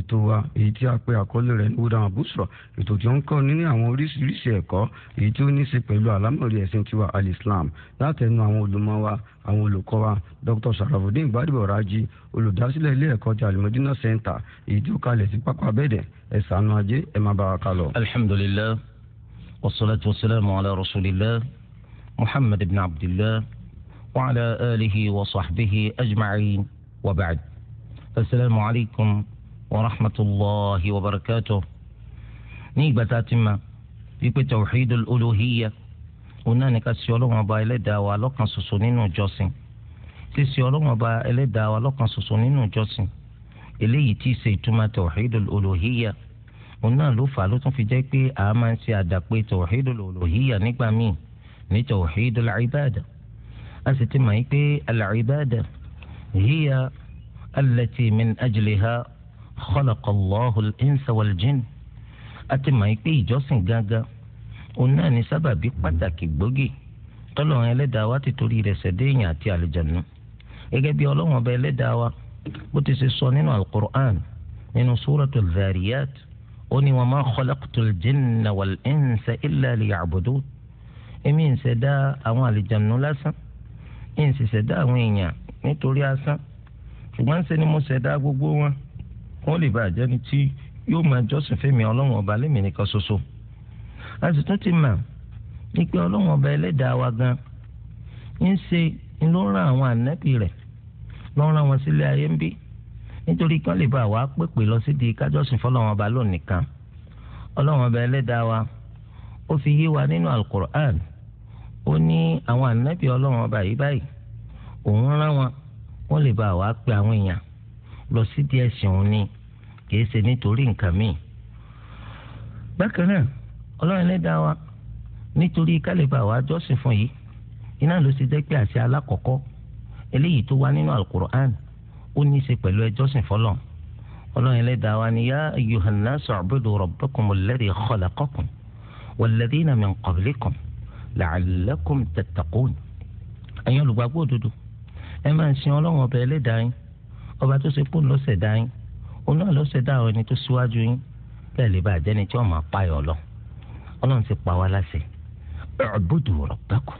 ètò wa èyí tí a pè àkọlé rẹ̀ ní wúdàmà bùsùrà ètò tí ó ń kọ́ ní ní àwọn oríṣiríṣi ẹ̀kọ́ èyí tí ó ní í ṣe pẹ̀lú àlámọ̀rí ẹ̀sìn tiwa alislam látẹnu àwọn olùmọ̀ wa àwọn olùkọ́ wa dr sarafudin gbadebo raji ilé ẹ̀kọ́ ti alimọ̀dínà center èyí tí ó kalẹ̀ sí pápá abẹ́dẹ̀ ẹ̀sánú ajé ẹ̀ má bàa kalọ̀. alhamdulilayi wasalaatu wasalaamu ala rasulillah muhammad ibn abdillah wa alihi wa sahbihi ajma'in wa ba'd. asalaamu alaykum wa rahmatulahi wa barakatuh ní ìgbà tá a ti ma wípé tawhidul uluhiyya òun náà ní ká sí ọlọ́run ọba ẹlẹ́dàá wa lọ́kan ṣoṣo nínú ìjọsìn ṣíṣe ọlọ́run ọba ẹlẹ́dàá wa lọ́kan ṣoṣo nínú ìjọsìn eléyìí tí í ṣe ìtumọ̀ tawhidul uluhiyya òun náà ló fà á ló tún fi jẹ́ pé a máa ń ṣe àdàpé tawhidul uluhiyya nígbà míì ní tawhidul ibada a sì ti mọ̀ yí pé al hiya allati min ajliha khalaqallahu al-insa wal-jinn àti mọ̀ pé ìjọsìn gángan òun náà ní sábàbí pàtàkì gbòógì tọ́lọ́run ẹlẹ́dàá wa ti torí rẹ̀ ṣẹ̀dá èèyàn àti àlùjànnú gẹ́gẹ́ bí ọlọ́run ọba ẹlẹ́dàá wa bó ti ṣe sọ nínú al-Qur'an nínú suratul Zariyat ó ní wa ma khalaqtul jinna wal-insa illa liya'budun èmi ń ṣẹ̀dá àwọn àlùjànnú lásán ń ṣẹ̀dá àwọn èèyàn nítorí asán ṣùgbọ́n ṣe ni mo ṣẹ̀dá gbogbo wọn wọ́n lè bá àjẹni tí yóò máa jọ́sìn fẹ́mi ọlọ́run ọba lémi nìkan ṣoṣo a sì tún ti mà ní pé ọlọ́run ọba ẹlẹ́dàá wa gan ń ṣe ló ran àwọn ànábì rẹ̀ ló ran wọn sílé ayé ń bí nítorí kí wọ́n lè bá wa pèpè lọ sí di kájọ́sìn fọlọ́run ọba lónìí kan ọlọ́run ọba ẹlẹ́dàá wa ó fi yé wa nínú alukur'an ó ní àwọn ànábì ọlọ́run ọba yìí báyìí òun rán wọn wọ́n lè bá wa pè àwọn èèyàn lọ sí díẹ̀ sìn ní kìí ṣe nítorí nǹkan míì. bákan náà ọlọ́run ẹlẹ́dàá wa nítorí kálíbà wa jọ́sìn fún yìí iná ló ṣe jẹ́ pé àṣẹ alákọ̀ọ́kọ́ eléyìí tó wá nínú alukur'an ó ní í ṣe pẹ̀lú ẹjọ́sìn fọlọ́n ọlọ́run ẹlẹ́dàá wa ni yá yohana sọ̀rọ̀bẹ́dù rọ̀bẹ́kùn mọ̀lẹ́dì kọ̀lákọ́kùn wọ̀lẹ́dìínà mi kọ̀bílẹ́kùn làálẹ́kùn tẹ̀tàkùn ẹ̀yin olùgbàgbọ́ òdodo ẹ máa ń sin ọlọ́run ọba ẹlẹ́dàá yín ọba tó ṣe pòun ló ṣẹ̀dá yín òun náà ló ṣẹ̀dá àwọn ẹni tó síwájú yín bẹ́ẹ̀ lè bá àjẹni tí wọ́n máa payọ̀ lọ ọlọ́run ti pa wá láṣẹ ọ̀bùdù rabbakum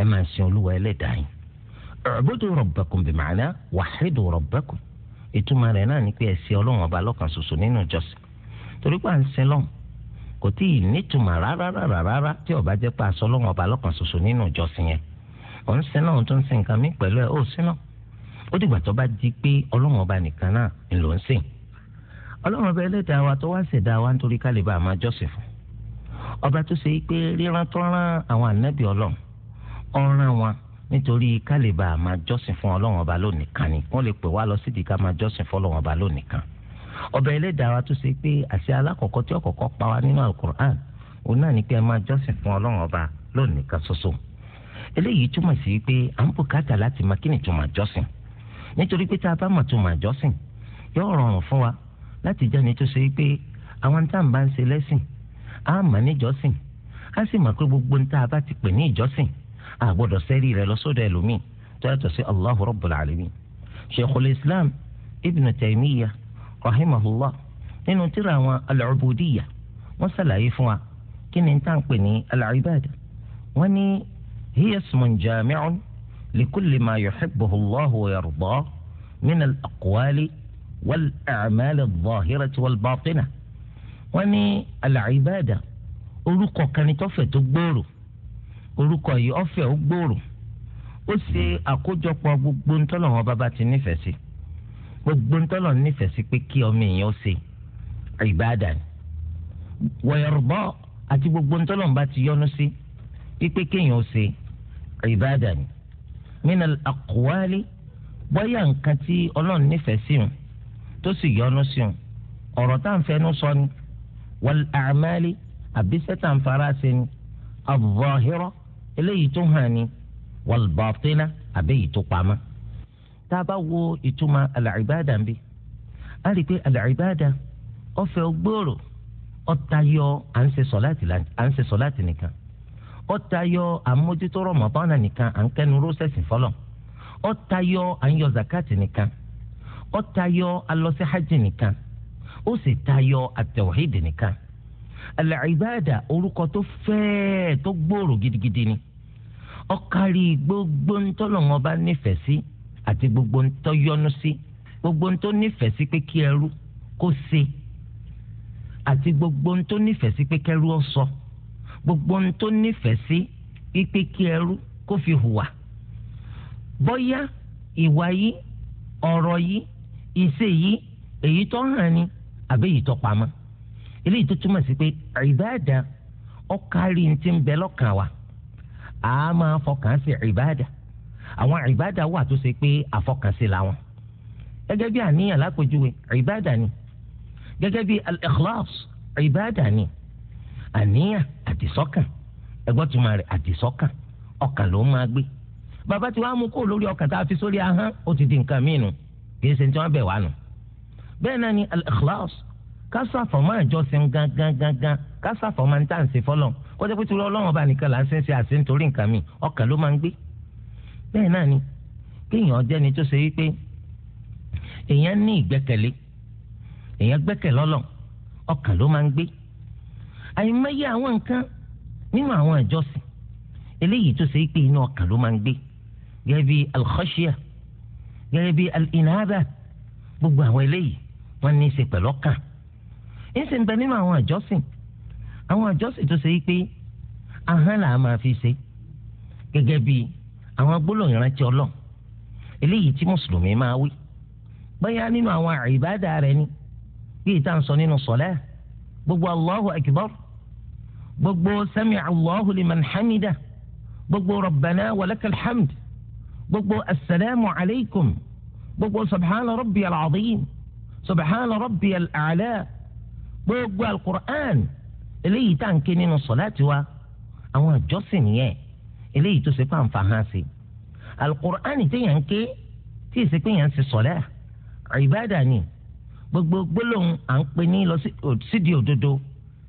ẹ máa ń sin olúwa ẹlẹ́dàá yín ọ̀bùdù rabbakum bi ma'na wahidu rabbakum ìtumọ̀ rẹ̀ náà ni pé ẹ ọlọ́run ọba lọ́kan ṣoṣo nínú ìjọsìn torí ń sin lọ́hùn ó dìgbà tó bá di pé ọlọ́run ọba nìkan náà ń lò ń sìn ọlọ́run ọba ẹlẹ́dàá wa tó wá ṣẹ̀dá wa nítorí ká lè bá a máa jọ́sìn fún ọba tó ṣe pé ríran tó rán àwọn ànábì ọlọ́run ọ̀ràn wọn nítorí ká lè bá a máa jọ́sìn fún ọlọ́run ọba lónìí kan ni wọ́n lè pè wá lọ sídìí ká máa jọ́sìn fún ọlọ́run ọba lónìí kan ọba ẹlẹ́dàá wa tó ṣe pé àṣẹ alákọ̀ọ́kọ́ tí ọ̀kọ̀ọ̀kọ́ pa wá nínú alukur'an òun náà ni pé ẹ máa jọ́sìn fún ọlọ́run ọba lónìí kan ṣoṣo eléyìí túmọ̀ sí pé à ń bùkátà láti máa kí ni túmọ̀ jọ́sìn nítorí pé tá a bá mọ̀ tó mọ̀ àjọsìn yóò rọrùn fún wa láti jẹ́ ni tó ṣe pé àwọn tá à ń bá ń ṣe lẹ́sìn á mà níjọsìn á sì mọ̀ pé gbogbo ní tá a bá ti pè ní ìjọsìn á gbọ́dọ̀ sẹ́rí rẹ̀ lọ sọ́dọ̀ ẹlòmíì tó yàtọ̀ sí Allahu Rabbul Alamin. Sheikhul Islam Ibn Taymiyyah rahimahullah nínú tírà àwọn al wọ́n ṣàlàyé fún wa kí ni tá à ń pè ní al wọ́n ní hiya ismun لكل ما يحبه الله ويرضاه من الأقوال والأعمال الظاهرة والباطنة وني العبادة orúkọ kan ní tọ́fẹ̀ tó gbòòrò orúkọ yìí ọ̀fẹ́ ó gbòòrò ó ṣe àkójọpọ̀ gbogbo ntọ́lọ̀ wọn bàbá ti nífẹ̀ẹ́ sí gbogbo ntọ́lọ̀ nífẹ̀ẹ́ sí pé kí ọmọ èèyàn ṣe ìbáàdà ni wọ̀yọ̀rọ̀bọ̀ àti gbogbo ntọ́lọ̀ bá ti yọ́nú sí pípé kéèyàn ṣe ìbáàdà ni mina àkùwálí bóyá nǹkan tí ọlọ́run nífẹ̀ẹ́ sí òun tó sì yọ́nú sí òun ọ̀rọ̀ tá à ń fẹnu sọ ni wal àmàlí àbísẹ́ tá à ń fara ṣe ni àbùbọ̀hírọ́ eléyìí tó hàn ni wal bàtínà àbẹ́yìí tó pamọ́. tá a bá wo ìtumọ̀ al bí a rí i pé ọ̀fẹ́ gbòòrò ọ̀tayọ̀ à ń ṣe sọ̀láàtì nìkan ó tayọ àmójútó Ramadan nìkan à ń kẹnu rọ́sẹ̀sì fọlọ́ ó tayọ à ń yọ zakati nìkan ó tayọ alọ́sẹ̀ hajj nìkan ó sì tayọ àtẹ̀wọ̀hídì nìkan al-ibada orúkọ tó fẹ́ẹ̀ tó gbòòrò gidigidi ni ó kárí gbogbo ntọ́lọ́wọ́n bá nífẹ̀ẹ́ sí àti gbogbo ntọ́ sí gbogbo ntọ́ nífẹ̀ẹ́ sí pé kí ẹrú kó ṣe àti gbogbo ntọ́ nífẹ̀ẹ́ sí pé kẹrú ó sọ. So gbogbo ohun tó nífẹ̀ẹ́ sí ipe kí ẹrú kó fi hùwà bóyá ìwà yìí ọ̀rọ̀ yìí ìṣe yìí èyí tó hàn ni àbí èyí tó pamọ́ eléyìí tó túmọ̀ sí pé ìbáàdà ọ̀kárí ti ń bẹ lọ́kàn wa a máa fọkàn sí ìbáàdà àwọn ìbáàdà wà tó ṣe pé àfọkànsí làwọn gẹ́gẹ́ bí àníyàn lápèjúwe ìbáàdà ni gẹ́gẹ́ bí al ìbáàdà ni àníyàn àdìsọ́kàn ẹgbọ́n tó máa rẹ̀ àdìsọ́kàn ọkàn ló máa gbé bàbá tí wàá mú kó lórí ọkàn tá a fi sórí ahọ́n ó ti di nǹkan míì nù kì í ṣe tí wọ́n bẹ̀ wá nù. bẹ́ẹ̀ náà ni al-ikhlas ká sàfọ̀ máa jọ́sìn gangan gangan ká sàfọ̀ máa ń tà ń ṣe fọ́lọ̀ kọjá pé torí ọlọ́run ọba nìkan là ń ṣe àṣẹ nítorí nǹkan míì ọkàn ló máa ń gbé. bẹ́ẹ̀ náà ni kéèyàn jẹ́ni tó ṣe wípé èèyàn ní ìgbẹ́kẹ̀lé èèyàn gbẹ́kẹ̀ lọ́lọ́ ọkàn ló máa ń gbé àìmọye àwọn nǹkan nínú àwọn ìjọsìn eléyìí tó ṣe é pé inú ọkàn ló máa ń gbé gẹ́gẹ́ bí alkhashia gẹ́gẹ́ bí alinaba gbogbo àwọn eléyìí wọ́n ní í ṣe pẹ̀lú ọkàn ń sì ń bẹ nínú àwọn ìjọsìn àwọn ìjọsìn tó ṣe é pé ahọ́n là á máa fi ṣe gẹ́gẹ́ bí àwọn gbólóhùn ìrántí ọlọ́run eléyìí tí mùsùlùmí máa wí bóyá nínú àwọn ìbádà rẹ̀ ni bí ìta ń sọ nínú sọ̀lẹ́ gbogbo Allahu akbar gbogbo sami allahu liman hamida gbogbo rabbana walakal hamd gbogbo asalaamu alaykum gbogbo subhana rabbi alcadiim subhana rabbi alaclaa gbogbo alqur'an eléyìí tá à ń ké nínú sọláàtì wa àwọn àjọsìn nìyẹn eléyìí tó ṣe fáǹfà hàn sí alqur'an téèyàn ń ké tí ì ṣe pé yẹn ń gbogbo gbólóhùn à ń pè ní lọ sídìí òdodo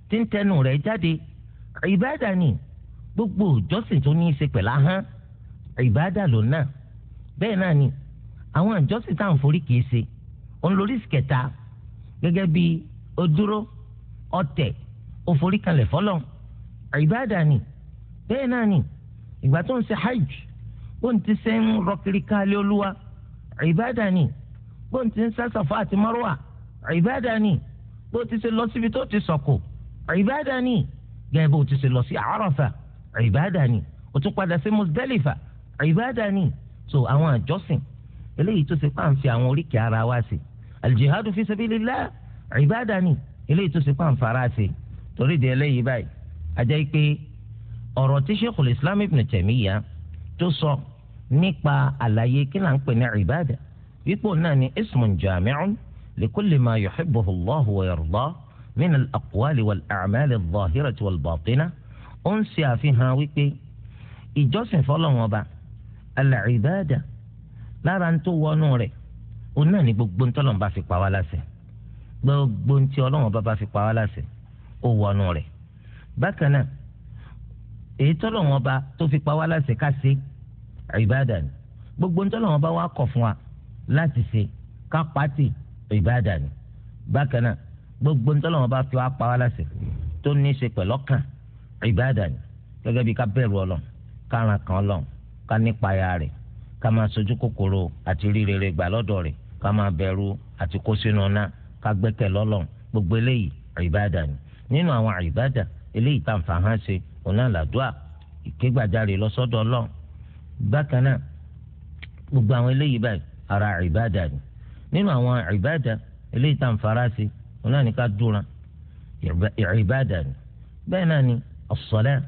tí ń ìbáàdà ni gbogbo ìjọsìn tó ní í ṣe pẹ̀lú ahọ́n ìbáàdà ló náà bẹ́ẹ̀ náà ni àwọn ìjọsìn táwọn forí kìí ṣe òun lórí ìsìkẹta gẹ́gẹ́ bí odúró ọ̀tẹ̀ òforí kalẹ̀ fọlọ́ ìbáàdà ni bẹ́ẹ̀ náà ni ìgbà tó ń ṣe hajj bóun ti ṣe ń rọkiri káálí olúwa ìbáàdà ni bóun ti ń ṣe Safa àti Marwa ìbáàdà ni bóun ti ṣe lọ síbi tó ti sọ̀kò ìbáàdà ni gẹ́gẹ́ bó ti ṣe lọ sí àràfà ìbáàdà ni o tún padà sí musdalifa ìbáàdà so àwọn àjọsìn eléyìí tó ṣe pàǹfì àwọn oríkèé ara wa sí aljihadu fi sabilillah ìbáàdà ni eléyìí tó ṣe pàǹfàrà sí torí di eléyìí báyìí ajá yìí pé ọ̀rọ̀ tí sheikhul islam ibn taymiya tó sọ nípa àlàyé kí là ń pè ní ìbáàdà wípé òun náà ni ismun jami'un likulli ma yuhibbuhu allahu wa yardah min al-aqwali wal-a'mali al-zahirati wal-batina ó ń ṣe àfihàn wípé ìjọsìn fọlọ́wọn ọba al-ibada lára ń tó wọnú rẹ̀ òun náà ni gbogbo ntọ́lọ́wọn bá fi pa wá láṣẹ gbogbo ntí ọlọ́wọn bá bá fi pa wá láṣẹ ó wọnú rẹ̀ bákan náà èyí tọ́lọ́wọn ọba tó fi pa wá láṣẹ ká ṣe ìbáàdà ni gbogbo ntọ́lọ́wọn bá wá kọ̀ fún wa láti ṣe ká pàtì ìbáàdà ni bákan náà gbogbo ntọ́lọ́ wọn bá fi wá pa wá láṣẹ tó ní í ṣe pẹ̀lú ọkàn ìbáàdà ni gẹ́gẹ́ bí ká bẹ̀rù ọlọ́run ká ran kan ọlọ́run ká nípa ya rẹ̀ ká máa sojú kòkòrò àti rírere gbà lọ́dọ̀ rẹ̀ ká máa bẹ̀rù àti kó sínú ọ̀nà ká gbẹ́kẹ̀ lọ́lọ́run gbogbo eléyìí ìbáàdà ni nínú àwọn ìbáàdà eléyìí tá à ń fà hàn ṣe ọ̀nà làdúà ìkégbàjarè lọ́sọ́dọ̀ ọlọ́run bákan náà gbogbo ara ìbáàdà ni nínú àwọn ìbáàdà eléyìí tá à òun náà ní ká dúra ìbádà ni bẹ́ẹ̀ náà ni as-salat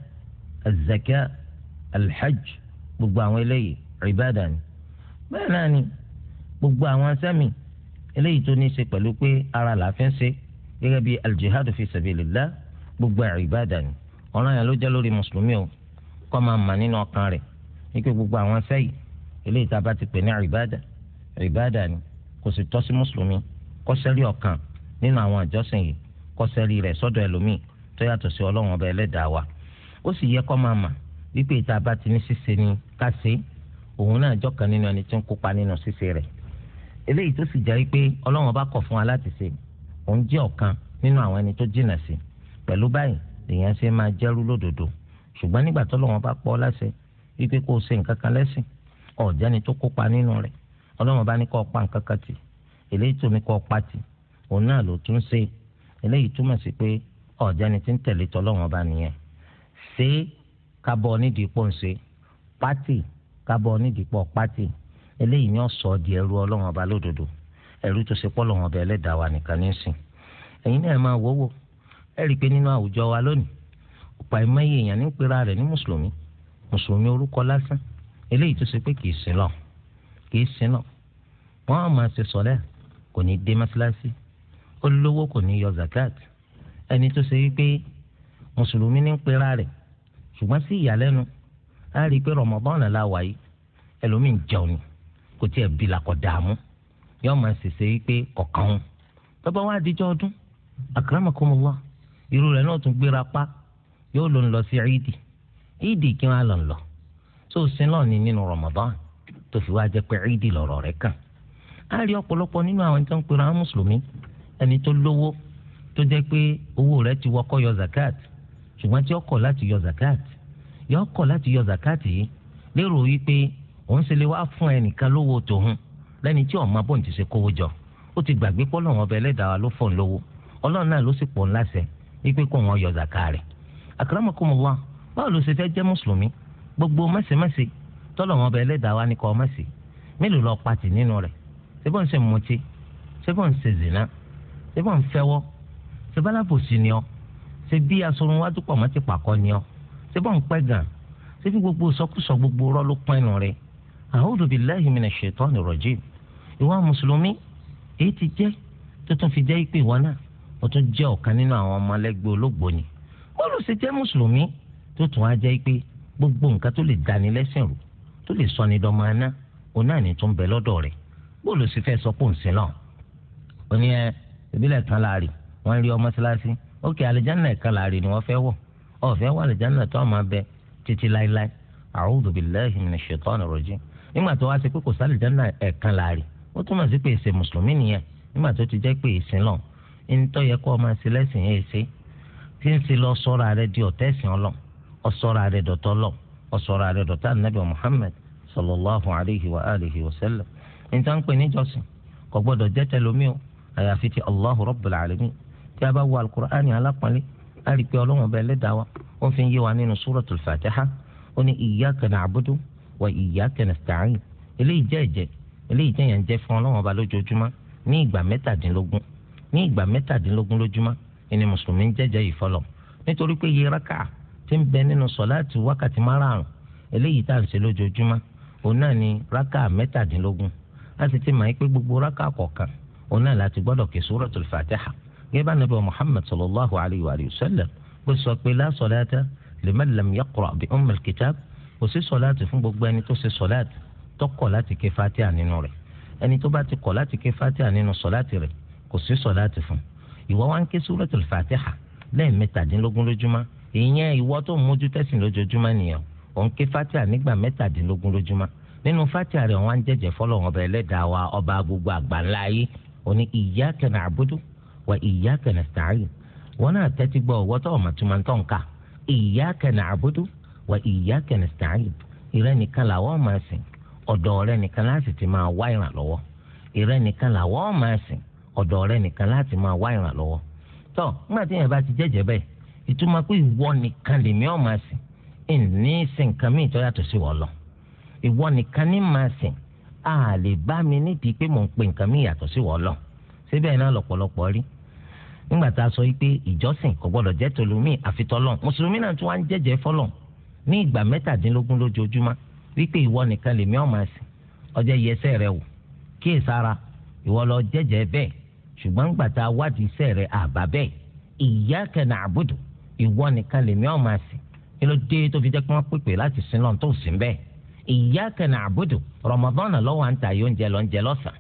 az-zakat al-hajj gbogbo àwọn eléyìí ìbádà ni bẹ́ẹ̀ náà ni gbogbo àwọn sẹ́mi eléyìí tó ní í ṣe pẹ̀lú pé ara la fi ń ṣe gẹ́gẹ́ bí al-jihad fi sabilillah gbogbo ìbádà ni ọ̀ranyàn ló jẹ́ lórí mùsùlùmí o kó máa mà nínú ọkàn rẹ̀ wípé gbogbo àwọn sẹ́yìn eléyìí tá a bá ti pè ní ìbádà ìbádà ni kò sì tọ́ sí mùsùlùmí kó sẹ́rí ọkàn nínú àwọn àjọsìn yìí kọ́sẹ́rì rẹ̀ sọ́dọ̀ ẹlòmíì tó yàtọ̀ sí ọlọ́run ọba ẹlẹ́dàá wa ó sì yẹ kọ́ máa mà wípé ìta bá ti ní ṣíṣe ni ká ṣe òun náà jọ̀kan nínú ẹni tí ń kópa nínú ṣíṣe rẹ̀ eléyìí tó sì jẹ́ pé ọlọ́run ọba kọ̀ fún wa láti ṣe òun jẹ́ ọ̀kan nínú àwọn ẹni tó jìnà sí pẹ̀lú báyìí lèèyàn ṣe máa jẹ́rú lódodo ṣùgbọ́n nígbà tọ́lọ́run ọba pọ̀ láṣẹ wípé kó o ṣe nǹkan kan lẹ́sìn ọ̀jẹ́ni tó kópa nínú rẹ̀ ọlọ́run ọba ní kó pa nǹkan kan tì eléyìí tó ní kó pa tì òun náà ló tún ṣe eléyìí túmọ̀ sí pé ọ̀jẹ́ ni ti ń tẹ̀lé tọ́lọ́wọ́n bá nìyẹn ṣé kábọ̀ nídìí pọ̀ ń ṣe pátì kábọ̀ nídìí pọ̀ pátì eléyìí ni ó sọ di ẹrú ọlọ́wọ́n bá lódodo ẹrú tó ṣe pọ́lọ́wọ́n bá ẹlẹ́dàá wa nìkan ní sìn ẹ̀yin náà máa wọ́wọ́ ẹ rí i pé nínú àwùjọ wa lónìí ọ̀pá ìmọ̀ye èèyàn ní pera rẹ̀ ní mùsùlùmí mùsùlùmí orúkọ lásán eléyìí tó ṣe pé kì sin lọ kì sin lọ wọ́n á máa ṣe sọ̀lẹ́ kò ní dé mọ́ṣáláṣí ó lówó kò ní yọ zakat ẹni tó ṣe wípé mùsùlùmí ní ń pera rẹ̀ ṣùgbọ́n sí ìyàlẹ́nu á rí i pé rọmọbọ́n la wà yìí ẹlòmíì ń jẹun ni kò tiẹ̀ bí làkọ̀ dààmú yóò máa ṣèṣe wípé kọ̀ọ̀kan òun bàbá wa àdìjọ́ ọdún àkàràmọ̀kọ́mọ́wá irú rẹ̀ náà tún gbéra pa yóò lọ lọ sí ìdì ìdì kí wọ́n á lọ lọ tó sin lọ́ọ̀ ni nínú rọmọbọ́n tó fi wá jẹ́ pé ìdì lọ̀rọ̀ rẹ̀ kàn á rí ọ̀pọ̀lọpọ̀ nínú àwọn tó ń pera mùsùlùmí ẹni tó lówó tó jẹ́ pé owó rẹ̀ ti wọkọ́ yọ zakat ṣùgbọ́n tí ó kọ̀ láti yọ zakat yọ kọ̀ láti yọ zakat yìí lérò wípé òun ṣe lè wá fún ẹnìkan lówó tòun lẹ́ni tí ọ̀ma bò ń ti ṣe kówó jọ ó ti gbàgbé pọ́lọ́wọ́n ọba ẹlẹ́dàá ló fọ̀ ń lówó ọlọ́run náà ló sì pọ̀ ńlá sẹ́ wípé kò wọ́n yọ zakat rẹ̀ àkàràmọ́kùnmọ́wá báwo ló ṣe fẹ́ jẹ́ mùsùlùmí gbogbo mẹ́sẹ̀mẹ́sẹ̀ tọ́lọ́wọ́n zina ṣé bá ń fẹ́wọ́ ṣé bá lábòsí ni ọ ṣé bí asorun wájú pọ̀ mọ́ ti pàkọ́ ni ọ ṣé bá ń pẹ́ gàn ṣé bí gbogbo sọkúsọ gbogbo rọ́ ló pẹ́nu rẹ̀ a'udhu billahi minash shaitani rajim ìwà mùsùlùmí èyí ti jẹ́ tó tún fi jẹ́ ìpè wọn náà ó tún jẹ́ ọ̀kan nínú àwọn ọmọlẹ́gbẹ́ olóògbò ni bọ́ọ̀lù ṣe jẹ́ mùsùlùmí tó tún á jẹ́ ìpè gbogbo nǹkan tó lè dání lẹ́sìn rò tó lè sọ ní dọ́mọ aná òun náà ní tún bẹ lọ́dọ̀ rẹ̀ bọ́ọ̀lù sì fẹ́ sọ pé òun sí náà ó ní ẹ ìbílẹ̀ tán laari wọn rí ọmọ síláṣí ókè àlìjáná ẹ̀ka láàrin ni wọ́n fẹ́ wọ̀ ọ̀ fẹ́ wọ àlìjáná tó máa bẹ títí láéláé a'udhu billahi minash shaitanir rajim nígbà tó wá sí pé kò sí àlìjáná ẹ̀ka láàrin ó túmọ̀ sí pé èsè mùsùlùmí nìyẹn nígbà tó ti jẹ́ pé èsìn lọ ńtọ́ yẹ kó ọmọ sí lẹ́sìn yẹn èsè tí ń sì lọ sọ́ra rẹ di ọ̀tẹ́sìn ọlọ́ àyàfi ti Allahu Rabbul Alamin tí a bá wo alukur'ani alápọ̀nlé a rí i pé ọlọ́run ọba ẹlẹ́dàá wa ó fi ń yé wa nínú suratul Fatiha ó ní iyyaka na'budu wa iyyaka nasta'in eléyìí jẹ́ ẹ̀jẹ̀ eléyìí jẹ́ yẹn jẹ́ fún ọlọ́run ọba lójoojúmọ́ ní ìgbà mẹ́tàdínlógún ní ìgbà mẹ́tàdínlógún lójúmọ́ ìní mùsùlùmí ń jẹ́jẹ́ yìí fọlọ̀ nítorí pé iye rákà ń bẹ nínú sọ̀láàtì wákàtí márààrún eléyìí tá à ń ṣe lójoojúmọ́ òun náà ni rákà mẹ́tàdínlógún a sì ti mọ̀ pé gbogbo rákà kọ̀ọ̀kan òun náà láti gbọ́dọ̀ ké suratul fatiha gẹ́gẹ́ bá nàbẹ muhammad sallallahu alayhi wa sallam ó sọ pé la salata liman lam yaqra bi ummil kitab kò sí sọláàtì fún gbogbo ẹni tó ṣe sọláàtì tó kọ̀ láti ké fatiha nínú rẹ̀ ẹni tó bá ti kọ̀ láti ké fatiha nínú sọláàtì rẹ̀ kò sí sọláàtì fún ìwọ wá ń ké suratul fatiha lẹ́ẹ̀mẹ́tàdínlógún lójúmọ́ ìyẹn ìwọ tó mójú tẹ̀sìn lójoojúmọ́ nìyẹn òun ké mẹ́tàdínlógún lójúmọ́ nínú òní iyyaka na'budu wa iyyaka nasta'in wọn náà tẹ́tí gbọ́ ọ̀wọ́ tó ọ̀mà tuma tó nǹka iyyaka na'budu wa iyyaka nasta'in ìrẹ́ nìkan làwọn máa sìn ọ̀dọ̀ ọ̀rẹ́ nìkan láti ti máa wá ìrànlọ́wọ́ ìrẹ́ nìkan làwọn máa sìn ọ̀dọ̀ ọ̀rẹ́ nìkan láti máa wá ìrànlọ́wọ́ tó nígbà tí yẹn bá ti jẹ́jẹ́ bẹ́ẹ̀ ìtumọ̀ pé ìwọ nìkan lèmi ọ̀ máa sìn ìní sìn nǹkan míì tó yàtọ̀ sí wọ́ lọ ìwọ nìkan ní máa sìn a lè bá mi nídìí pé mò ń pe nǹkan mi yàtọ̀ sí wọ́ọ́lọ̀ síbẹ̀ náà lọ̀pọ̀lọpọ̀ rí nígbà tá a sọ pé ìjọsìn kò gbọdọ̀ jẹ́ tòlùmí àfitọ́lọ̀ mùsùlùmí náà tí wọ́n á ń jẹ́jẹ́ fọlọ̀ ní ìgbà mẹ́tàdínlógún lójoojúmọ́ wípé ìwọ nìkan lèmi ọ̀mà sí ọjọ́ iyẹsẹ́ rẹ wò kíyè sára ìwọ lọ jẹ́jẹ́ bẹ́ẹ̀ ṣùgbọ́n nígbà tá a wádìí iṣẹ́ rẹ àbá bẹ́ẹ̀ iyyaka na'budu ìwọ nìkan lèmi ọ̀mà sí kí dé tó fi jẹ́ pé wọ́n pèpè láti sin lọ́n tó sìn bẹ́ẹ̀ iyyaka na'budu Ramadan lọ́wọ́ à ń ta yóò ń jẹ lọ ń jẹ lọ́sàn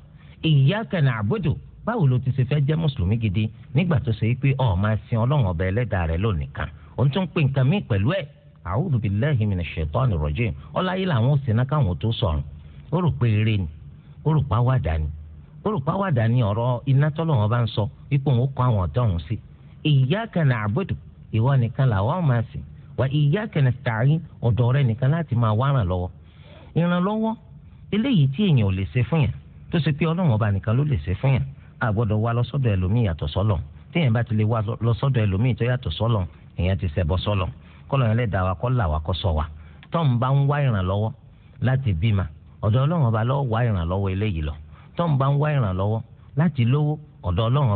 iyyaka na'budu báwo ló ti ṣe fẹ́ jẹ́ mùsùlùmí gidi nígbà tó ṣe é pé ó máa sin ọlọ́run ọba ẹlẹ́dàá rẹ̀ lónìkan òun tún pè nǹkan míì pẹ̀lú ẹ̀ a'udhu billahi minash shaitani rajim ọláyé làwọn ò sinna káwọn tó sọ̀rọ̀ ó rò pé eré ni ó rò pa wàdà ni ó rò pa wàdà ni ọ̀rọ̀ iná tọ́lọ́run bá ń sọ ipò òun kọ́ àwọn ọ̀tọ́ òun sí iyyaka na'budu ìwọ nìkan làwọn máa sìn wà iyyaka nasta'in ọ̀dọ̀ rẹ nìkan láti máa wá lọ́wọ́ ìrànlọ́wọ́ eléyìí tí èèyàn ò lè ṣe fún yàn tó ṣe pé ọlọ́run ọba nìkan ló lè ṣe fún yàn a gbọ́dọ̀ wá lọ sọ́dọ̀ ẹlòmíì yàtọ̀ sọ́lọ̀ téèyàn bá ti lè wá lọ sọ́dọ̀ ẹlòmíì tó yàtọ̀ sọ́lọ̀ èèyàn ti ṣẹbọ sọ́lọ̀ kọ́lọ̀ yẹn lè wa kọ́ là wa kọ́ sọ wa tọ́n bá ń wá ìrànlọ́wọ́ láti bímọ ọ̀dọ̀ ọlọ́run ọba lọ́ọ́ wá ìrànlọ́wọ́ eléyìí lọ tọ́n bá ń wá ìrànlọ́wọ́ láti lówó ọ̀dọ̀ ọlọ́run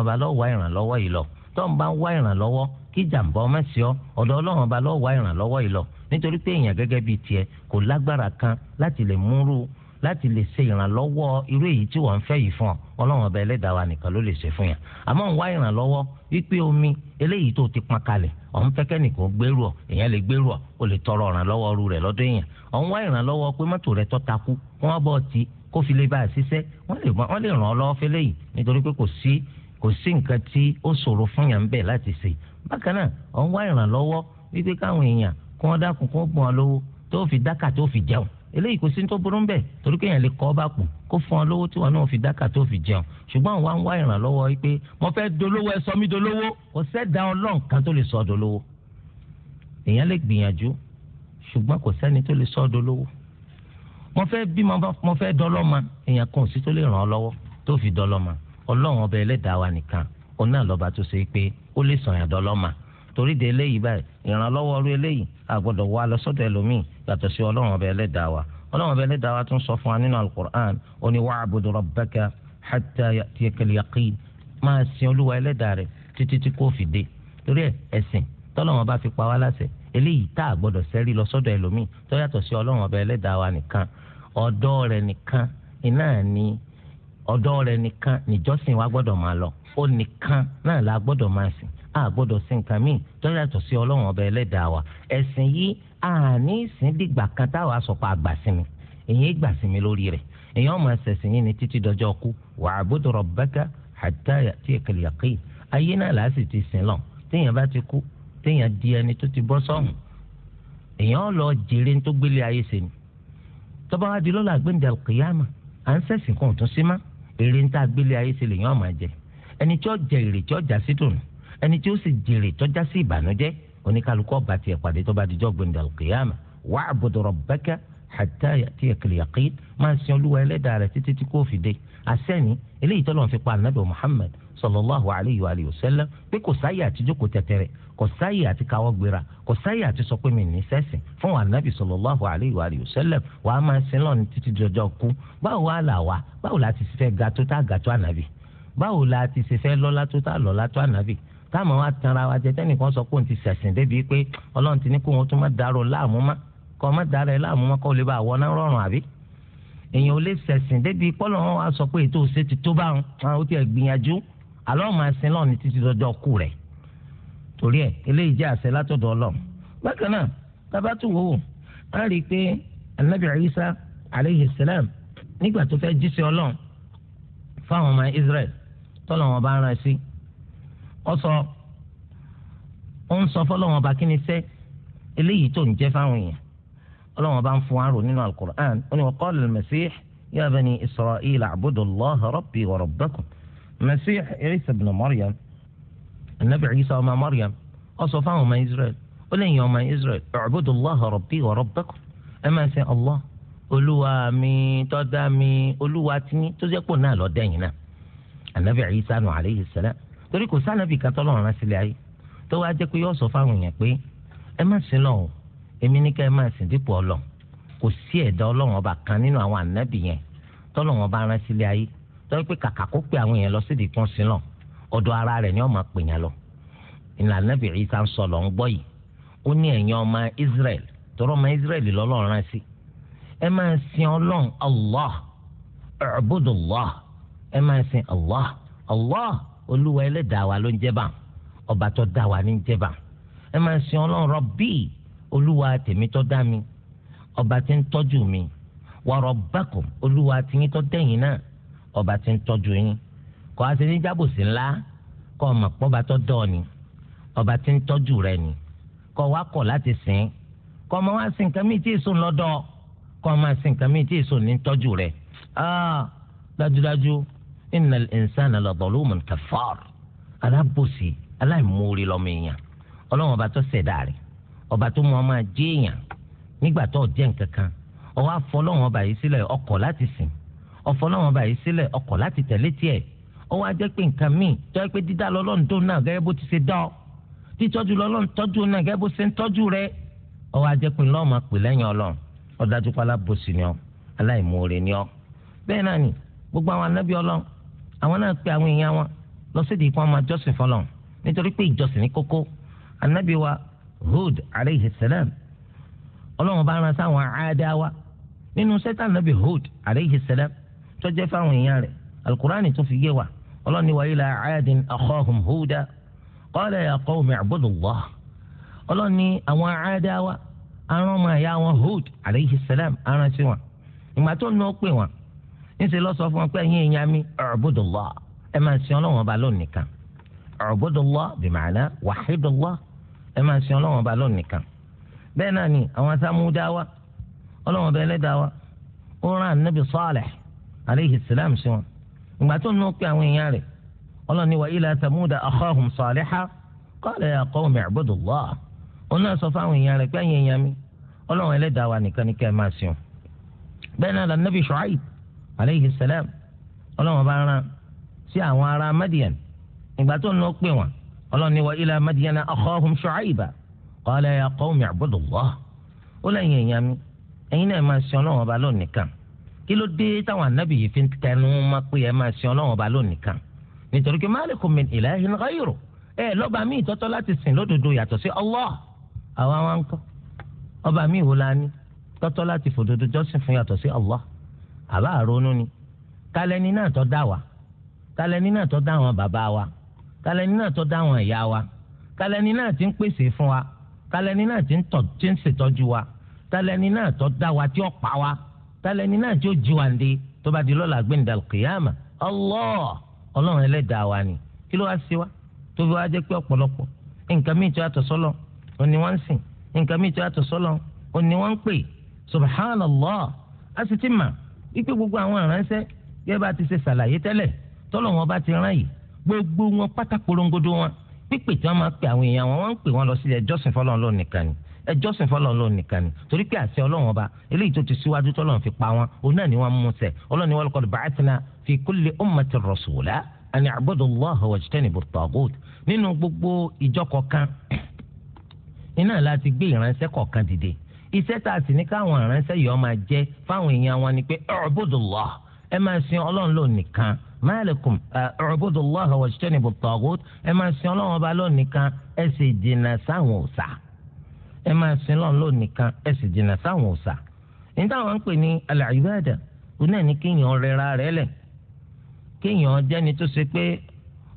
ọba lọ́ọ́ tó ń bá ń wá ìrànlọ́wọ́ kí jàǹbá ọmọ sí ọ ọ̀dọ̀ ọlọ́run ọba lọ́ọ́ wá ìrànlọ́wọ́ yìí lọ nítorí pé èèyàn gẹ́gẹ́ bíi tiẹ̀ kò lágbára kan láti lè múrú láti lè ṣe ìrànlọ́wọ́ irú èyí tí wọ́n ń fẹ́ yìí fún ọ ọlọ́run ọba ẹlẹ́dàá wa nìkan ló lè ṣe fún yàn àmọ́ ń wá ìrànlọ́wọ́ wípé omi eléyìí tó ti pọn kalẹ̀ ọ̀n fẹ́kẹ́ nìkan gbèrú ọ èèyàn lè gbèrú ọ o lè tọrọ ìrànlọ́wọ́ ọrú rẹ̀ lọ́dọ̀ èèyàn ọ̀n wá ìrànlọ́wọ́ pé mọ́tò rẹ̀ tọ́ takú wọ́n bọ̀ ti kó fi lè bá a ṣiṣẹ́ wọ́n lè ràn ọ́ lọ́wọ́ fẹ́lẹ́ yìí nítorí pé kò sí kò sí nǹkan tí ó ṣòro fún yàn bẹ́ẹ̀ láti ṣe bákan náà ọ̀n wá ìrànlọ́wọ́ wípé káwọn èèyàn kí wọ́n dákun kí wọ́n gbọ́n ọ lówó tó fi dákà tó fi jẹun eléyìí kò sí tó burú ń bẹ̀ torí kéèyàn lè kọ́ ọ bá kù kó fún ọ lówó tí wọn náà fi dákà tó fi jẹun ṣùgbọ́n àwọn wá ìrànlọ́wọ́ wípé mo fẹ́ dolówó ẹ sọ mí dolówó kò sẹ́dá ọlọ́run kan tó lè sọ dolówó èèyàn lè gbìyànjú ṣùgbọ́n kò sẹ́ni tó lè sọ dolówó mo fẹ́ bí mo fẹ́ dọlọ́mọ èèyàn kan ò sí tó lè ràn ọ lọ́wọ́ tó fi dọlọ́mọ ọlọ́run ọba ẹlẹ́dàá wa nìkan òun náà lọ́ba tó ṣe pé ó lè sàn yàdọ́ lọ́mà torí de eléyìí báyìí ìrànlọ́wọ́ ọrú eléyìí àgbọ̀dọ̀ wá lọ sọ́dọ̀ ẹlòmíì yàtọ̀ sí ọlọ́run ọba ẹlẹ́dàá wa ọlọ́run ọba ẹlẹ́dàá wa tún sọ fún wa nínú alukur'an ó ní wa'budu rabbaka hatta ya'tiyakal yaqin máa sin olúwa ẹlẹ́dàá rẹ títí tí kò fi dé torí ẹ̀sìn tọ́lọ́run bá fi pa wá láṣẹ eléyìí tá a gbọ́dọ̀ sẹ́rí lọ sọ́dọ̀ ẹlòmíì tó yàtọ̀ sí ọlọ́run ọba ẹlẹ́dàá wa nìkan ọ̀dọ̀ rẹ̀ nìkan iná ni ọ̀dọ̀ rẹ̀ nìkan níjọ́sìn wa gbọ́dọ̀ máa lọ ó nìkan náà la gbọ́dọ̀ máa sìn a gbọ́dọ̀ sìn nǹkan míì tó yàtọ̀ sí ọlọ́run ọba ẹlẹ́dàá wa ẹ̀sìn yìí àní sìn dìgbà kan táwa sọ̀pọ̀ àgbà èyí gbà lórí rẹ̀ èyí ọmọ ẹsẹ̀sìn yìí ni títí dọjọ́ kú wa'budu rabbaka hatta ya'tiyakal yaqin ayé náà làá sì ti sìn lọ téèyàn bá ti kú téèyàn di ẹni tó ti bọ́ sọ́hùn èyàn lọ jèrè tó gbélé ayé sẹ́ni tọ́ba wa di lọ́la gbẹ̀ǹdà al à ń sẹ̀sìn kan ò tún sí máa èrè ń tà gbélé ayé ṣe lèyàn máa jẹ ẹni tí ó jẹ èrè tí ó já sí dùn ẹni tí ó sì jèrè tó já sí ìbànújẹ́ oníkálukú ọba tiẹ̀ pàdé tó bá dijọ́ gbẹndàlù kìyàmà wa'budu rabbaka hatta ya'tiyakal yaqin máa sin olúwa ẹlẹ́dàá rẹ̀ títí tí kò fi dé àṣẹ ni eléyìí tọ́lọ́run fi pa ànábì Muhammad sallallahu alayhi wa alihi wa sallam pé kò sáyè àti jókòó tẹtẹrẹ kò sáyè àti káwọ́ gbéra kò sáyè àti sọ pé mi ní sẹ́sìn fún anabi sallallahu alayhi wa alihi wa sallam wàá máa sin lọ ní títí dọjọ́ kú báwo wá là wá báwo la ti fẹ́ ga tó tá ga tó anabi báwo la ti ṣe fẹ́ lọ́lá tó tá lọ́lá tó anabi táwọn wa tanra wa jẹ tẹnìkan sọ pé òun ti sẹ̀sìn débi pé ọlọ́run ti ní kó wọn tún ò lè sẹ̀sìn débi pọ́lọ́run wa sọ pé ètò òṣè ti tó báwọn ó ti ẹ̀ gbìyànjú àlọ́ máa sin lọ́ọ̀ ní títí dọ́jọ́ kú rẹ̀ torí ẹ̀ eléyìí jẹ́ àṣẹ látọ̀dọ̀ ọlọ́run bákan náà bàbá tó wò ó á rí i pé anabi Isa aleyhi salam nígbà tó fẹ́ jíṣẹ́ ọlọ́run fáwọn ọmọ Israel tọ́lọ̀ wọn bá ń ran sí ọ sọ ó ń sọ fọlọ́wọn bá kí ni sẹ́ eléyìí tó ń jẹ́ fáwọn èèyàn ọlọ́wọn bá ń fún wa rò nínú alukur'an ó ní wa qala al-masih ya bani Isra'ila a'budu Allaha rabbi wa rabbakum. Masih Isa ibn مريم النبي عيسى ọmọ مريم ó sọ إسرائيل ọmọ يوم ó lè yan ọmọ Israel u'budullaha rabbi wa rabbakum ẹ máa ṣe Allah olúwa mi tó dá mi olúwa tiyín tó jẹ́ pò náà ló dá yín náà anabi Isa nù alayhi salam torí kò sànàbì kan tó lọ́rùn sílẹ̀ ayé tó wá jẹ́ pé yóò sọ fáwọn èèyàn pé ẹ má sin lọ́hùn èmi ní ká ẹ má sin dípò ọlọ́hùn kò sí ẹ̀dá ọlọ́hùn ọba kan nínú àwọn ànábì yẹn tọ́lọ́hùn ọba rán sílẹ̀ ayé sọ pé kàkà kó pe àwọn yẹn lọ sídìí kan sí lọ ọ̀dọ̀ ara rẹ̀ ni ọ máa pè yẹn lọ ìlànà Nábì ń sọ lọ ń gbọ́ yìí ó ní ẹ̀yin ọmọ Israel tọrọ ọmọ Israel lọ́lọ́run rán sí ẹ máa sin Ọlọ́run Allah ẹ máa sin Allah Allah olúwa ẹlẹ́dàá wa ló ń ọba tó dá wa ní ọba mi wà olúwa tìyín tó dẹ́yìn náà ọba tí ń tọ́jú yín kọ́ àti ní jábòsí ńlá kọ́ ọmọ pọ́ba tó dọ̀ ni ọba tí ń tọ́jú rẹ ni kọ́ wa kọ̀ láti sìn kọ́ ọmọ wa sìn nǹkan mi tí èso lọ́dọ̀ kọ́ ọmọ sìn nǹkan tí èso ní tọ́jú rẹ. Ah, dájúdájú innal insana la zalumun kaffar alábòsí aláìmoore lọ́mọ èèyàn ọlọ́run ọba tó ṣẹ̀dá rẹ̀ ọba tó mú ọmọ ajé èèyàn nígbà tó jẹ́ nǹkan kan ọwọ́ afọlọ́run ọba yìí sílẹ̀ ọkọ̀ láti sìn ọ̀fọ̀ náà wọn báyìí sílẹ̀ ọkọ̀ láti tẹ̀lé tiẹ̀ ó wá jẹ́ pé nǹkan míì tó yẹ pé dídá lọ́lọ́run tó náà gẹ́gẹ́ bó ti ṣe dá ọ títọ́jú lọ́lọ́run tọ́jú náà gẹ́gẹ́ bó ṣe ń tọ́jú rẹ ó wá jẹ́ pé lọ́ọ̀ máa pè lẹ́yìn ọlọ́run ó dájú pé alábòsí ni ọ aláìmoore ni ọ bẹ́ẹ̀ náà ni gbogbo àwọn anábì ọlọ́run àwọn náà pe àwọn èèyàn wọn lọ sídìí kí wọ́n wa Hud aleyhi salam ọlọ́run bá rán nínú sẹ́tàn anábì Hud aleyhi salam tọ́jẹ́ fáwọn èèyàn rẹ̀ alukur'ani tún fi yé wa ọlọ́run ní wa ila aadin akhahum huda qala ya qawmi ibudullah ọlọ́run ní àwọn aádáwa arán ọmọ ẹ̀yà wọn hud aleyhi salam arán sí wọn ìgbà tó ná pè wọn níṣẹ́ lọ fún wọn pé ẹ̀yin èèyàn mi ibudullah ẹ máa sin ọlọ́run ọba lónìí kan ibudullah bima'ana wahidullah ẹ máa sin ọlọ́run ọba lónìí kan bẹ́ẹ̀ náà ni àwọn sámúdáwa ọlọ́run ọba ẹlẹ́dáwa ó rán anabi Salih aleyhi salam sí wọn ìgbà tó nù pé àwọn èèyàn rẹ̀ ọlọ́ni wa ila samuda akhahum saliha qala ya qawmi i'budullah òun náà sọ fáwọn èèyàn rẹ̀ pé ẹ̀yin èèyàn mi ọlọ́run ẹlẹ́dàá wa nìkan ní kẹ́ ẹ máa sìn ọ́ bẹ́ẹ̀ náà lànàbí Shu'aib aleyhi salam ọlọ́run bá rán sí àwọn ará Madian ìgbà tó nù pé wọn ọlọ́ni wa ila Madiana akhahum Shu'aiba qala ya qawmi i'budullah ó lẹ́yìn kí ló dé táwọn anábì yìí fi ń tẹnu mọ́ pé ẹ máa sin ọlọ́run ọba lónìí kan nítorí pé malikum min ilahin ghayru ẹ lọ́ba mi ìtọ́tọ́ láti sìn lódodo yàtọ̀ sí Allah àwa wa ń kọ́ ọba mi ìwò la ní tọ́tọ́ láti fòdodo jọ́sìn fún yàtọ̀ sí Allah àbá àrònú ni kálẹ́ni náà tọ́ dá wa kálẹ́ni náà tọ́ dá àwọn bàbá wa kálẹ́ni náà tọ́ dá àwọn ìyá wa kálẹ́ni náà ti ń pèsè fún wa kálẹ́ni náà ti ń ṣètọ́jú wa kálẹ́ni náà tọ́ dá wa tí ó pa wa tálẹ́ni náà tí ó jí wa ndé tó bá di lọ́la gbẹ̀ndà kìyàmà Allah ọlọ́run ẹlẹ́dàá wa ni kí ló wá sí wa tó fi wá jẹ́ pé ọ̀pọ̀lọpọ̀ nǹkan mìíràn tó yàtọ̀ sọ́lọ̀ ó ní wọ́n ń sìn nǹkan mìíràn tó yàtọ̀ sọ́lọ̀ ó ní wọ́n ń pè subhanallah a sì ti mà wípé gbogbo àwọn ìránṣẹ́ gẹ́gẹ́ bá ti ṣe ṣàlàyé tẹ́lẹ̀ tọ́lọ̀ wọn bá ti rán yìí gbogbo wọn pátákó rongodo wọn pípè tí wọ́n máa ẹ jọ́sìn fọlọ́n ló nìkan ni torí pé àṣẹ ọlọ́run ọba eléyìí tó ti síwájú tọ́lọ́run fi pa wọn òun náà ni wọ́n mú ṣẹ ọlọ́run ni walaqad ba'athna fi kulli ummatin rasula an i'budu Allaha wajtanibu at-taghut nínú gbogbo ìjọ kọ̀ọ̀kan iná láti gbé ìránṣẹ́ kọ̀ọ̀kan dìde iṣẹ́ tá a sì ní káwọn ìránṣẹ́ yìí ó máa jẹ́ fáwọn èèyàn wọn ni pé i'budu Allah ẹ máa sin ọlọ́run ló nìkan maaleykum eh, i'budu Allah wajtanibu at-taghut ẹ máa sin ọlọ́run ọba ló nìkan ẹ sì dènà sáwọn òòṣà ẹ máa sin lọ́n lò nìkan ẹ sì jìnnà sáwọn òòṣà ní táwọn ń pè ní al-ibada òun náà ní kéèyàn rẹra rẹ̀ lẹ̀ kéèyàn jẹ́ni tó ṣe pé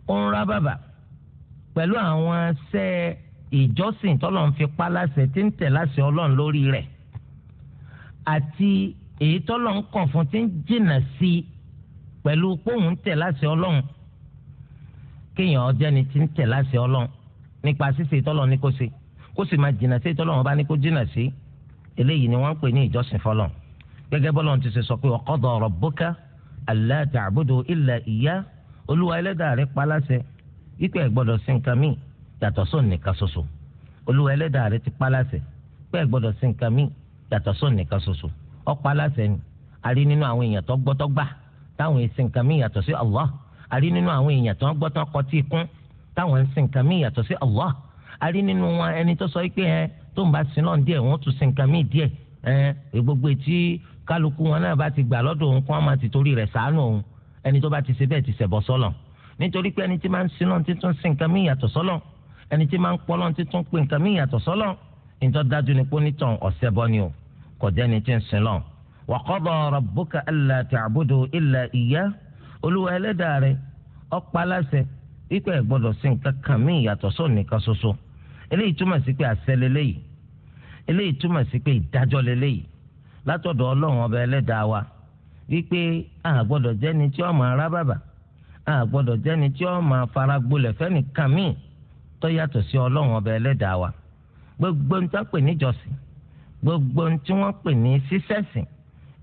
ó ń rá bàbà pẹ̀lú àwọn ṣẹ́ ìjọsìn tọ́lọ́n fi pa láṣẹ tí ń tẹ̀ láṣẹ ọlọ́run lórí rẹ̀ àti èyí tọ́lọ́n kàn fún tí ń jìnnà sí i pẹ̀lú póun tẹ̀ láṣẹ ọlọ́run kéèyàn jẹ́ni tí ń tẹ̀ láṣẹ ọlọ́run nípa ṣíṣe tọ́lọ́n ní kó ṣe kó sì máa jìnnà sí ìtọ́lọ́run bá ní kó jìnnà sí eléyìí ni wọ́n ń pè ní ìjọsìn fọlọ́n gẹ́gẹ́ bọ́lọ́run ti ṣe sọ pé wa qada rabbuka alla ta'budu illa iyyah olúwa ẹlẹ́dàá rẹ paláṣẹ wípé ẹ gbọ́dọ̀ sí nǹkan míì yàtọ̀ sóun nìkan ṣoṣo olúwa ẹlẹ́dàá rẹ ti paláṣẹ pé ẹ gbọ́dọ̀ sí nǹkan míì yàtọ̀ sóun nìkan ṣoṣo ó paláṣẹ ni a rí nínú àwọn èèyàn tó gbọ́tọ́ gbà táwọn èsì nǹkan míì yàtọ̀ sí Allah a rí nínú àwọn èèyàn tó gbọ́tọ́ kọtí ikún táwọn èsì nǹkan míì yàtọ̀ sí Allah a rí nínú wọn ẹni tó sọ pé ẹ tó ń bá sin náà díẹ̀ wọ́n tún sin nǹkan míì díẹ̀ ẹ gbogbo etí kálukú wọn náà bá ti gbà lọ́dọ̀ òun kó wọn máa ti torí rẹ̀ sàánú òun ẹni tó bá ti ṣe bẹ́ẹ̀ ti ṣẹbọ sọlọ nítorí pé ẹni tí máa ń sin títún sin nǹkan míì sọlọ ẹni tí máa ń pọlọ títún pé nǹkan míì sọlọ nítorí dájú ni pé onítàn ọ̀sẹ̀ bọ́ ni o kò jẹ́ ni tí ń sin lọ. wa qada rabbuka ta'budu illa iyyah olúwa ẹlẹ́dàá rẹ̀ ó pa láṣẹ ikú ẹ̀ gbọ́dọ̀ sin nǹkan eléyìí túmọ̀ sí pé àṣẹ lélẹ́yìí eléyìí túmọ̀ sí pé ìdájọ́ lélẹ́yìí látọ̀dọ̀ ọlọ́run ọba ẹlẹ́dàá wa wípé a gbọ́dọ̀ jẹ́ni tí ó máa rá bàbà a gbọ́dọ̀ jẹ́ni tí ó máa fara gbolẹ̀ fẹ́nìkan míì tó yàtọ̀ sí ọlọ́run ọba ẹlẹ́dàá wa gbogbo ń tán pè níjọsìn gbogbo ń tí wọ́n pè ní sísẹ́sìn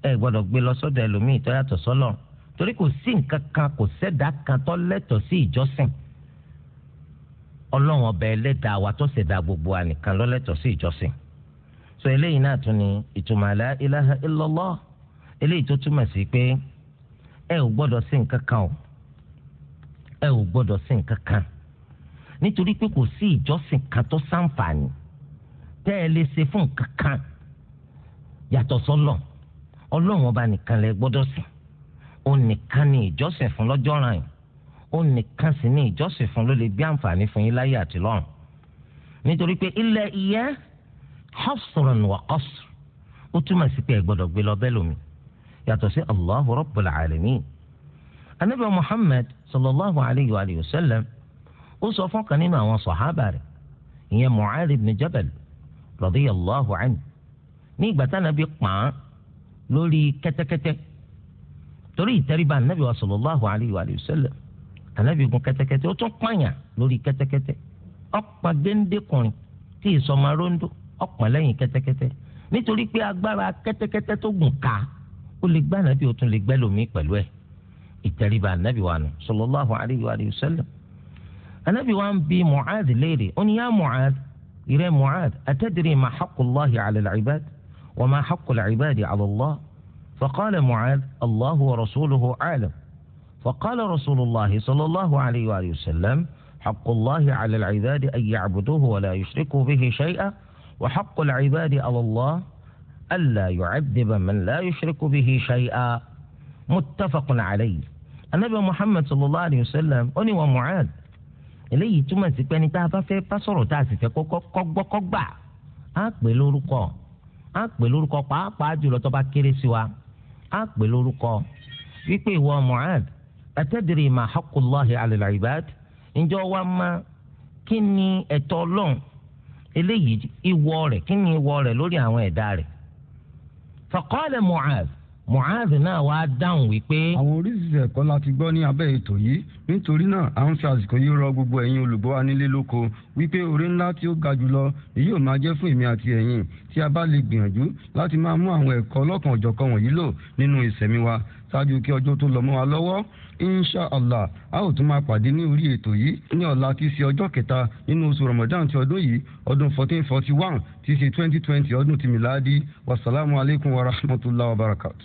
ẹ gbọ́dọ̀ gbé lọ sọ́dọ̀ ẹlòmíì tó yàtọ̀ sọ́lọ́run torí kò sí nǹkan kan kò sẹ́dá kan tó lẹ́tọ̀ọ́ sí ìjọsìn ọlọ́run ọba ẹlẹ́dàá wa tó ṣẹ̀dá gbogbo wa nìkan sí ìjọsìn so eléyìí náà tún ni ìtumọ̀ la ilaha illallah eléyìí tó túmọ̀ sí pé ẹ ò gbọ́dọ̀ sí nǹkan kan o ẹ ò gbọ́dọ̀ sí nǹkan kan nítorí pé kò sí ìjọsìn kan tó ṣàǹfààní tẹ́ ẹ lè ṣe fún nǹkan kan yàtọ̀ sọ́lọ̀ ọlọ́run ọba nìkan lẹ gbọ́dọ̀ sìn òun nìkan ni ìjọsìn fún lọ́jọ́ ràn yìí ó nìkan sì ní ìjọsìn fún ló lè gbé àǹfààní fún yín láyé àti lọ́run nítorí pé ilẹ̀ ìyẹ́ hafsọ̀rọ̀ wà ọ̀sùn ó túmọ̀ sí pé ẹ gbọ́dọ̀ gbé lọ bẹ́ẹ̀ lómi yàtọ̀ sí allahu rabbul alamin anabi muhammad sallallahu alayhi wa sallam ó sọ fún kan nínú àwọn sọ̀hábà rẹ̀ ìyẹn mu'adh ibn jabal radiyallahu anhu ní ìgbà tí anabi pàán lórí kẹ́tẹ́kẹ́tẹ́ torí ìtẹríba anabi wa sallallahu alayhi wa sallam ànábì gun kẹ́tẹ́kẹ́tẹ́ ó tún pààyàn lórí kẹ́tẹ́kẹ́tẹ́ ọ̀pọ̀ géńdékùnrin tí ìsọmọ rondo ọ̀pọ̀ lẹ́yìn kẹ́tẹ́kẹ́tẹ́ nítorí pé agbára kẹ́tẹ́kẹ́tẹ́ tó gùn ká ó lè gbá ànábì ó tún lè gbẹ́ lómi pẹ̀lú ẹ̀ ìtẹríba ànábì wa nù sallallahu alayhi wa sallam ànábì wa ń bi Mu'adh léèrè ó ní yá Mu'adh ìrẹ́ Mu'adh atadri ma haqqullahi ala wa ma haqqul ibadi ala Allah faqala Allahu wa rasuluhu a'lam فقال رسول الله صلى الله عليه وآله وسلم حق الله على العباد أن يعبدوه ولا يشركوا به شيئا وحق العباد على الله ألا يعذب من لا يشرك به شيئا متفق عليه النبي محمد صلى الله عليه وسلم أني ومعاذ eléyìí ثم sí pé في tá a bá fẹ́ bá sọ̀rọ̀ tá a sì fẹ́ kọ́gbọ́kọ́gbà á pè lórúkọ á pè lórúkọ pàápàá atadiri ma haqqulahi alal ibad ǹjẹ́ wá má kí ni ẹ̀tọ́ ọlọ́run eléyìí ìwọ rẹ̀ kí ni ìwọ rẹ̀ lórí àwọn ẹ̀dá rẹ̀ faqala Mu'adh muhammed náà wá dáhùn wípé. àwọn oríṣiríṣi ẹ̀kọ́ la ti gbọ́ ní abẹ́ ètò yìí nítorí náà à ń fi àsìkò yìí rọ gbogbo ẹ̀yin olùgbọ́ wa nílé lóko wípé oore ńlá tí ó ga jùlọ èyí ò máa jẹ́ fún èmi àti ẹ̀yin tí a bá lè gbìyànjú láti máa mú àwọn ẹ̀kọ́ ọlọ́kan ọ̀jọ̀kan wọ̀nyí lò nínú ìsẹ̀mí wa ṣáájú kí ọjọ́ tó lọ mọ́ wa lọ́wọ́ inshallah a ó tún máa pàdé ní orí ètò yìí ní ọ̀la tí í ọjọ́ kẹta nínú oṣù ramadan ti ọdún yìí ọdún fourteen forty one ti ṣe twenty twenty ọdún tìmíláàdì wasalaamualeykum wa rahmatulah wa barakatu.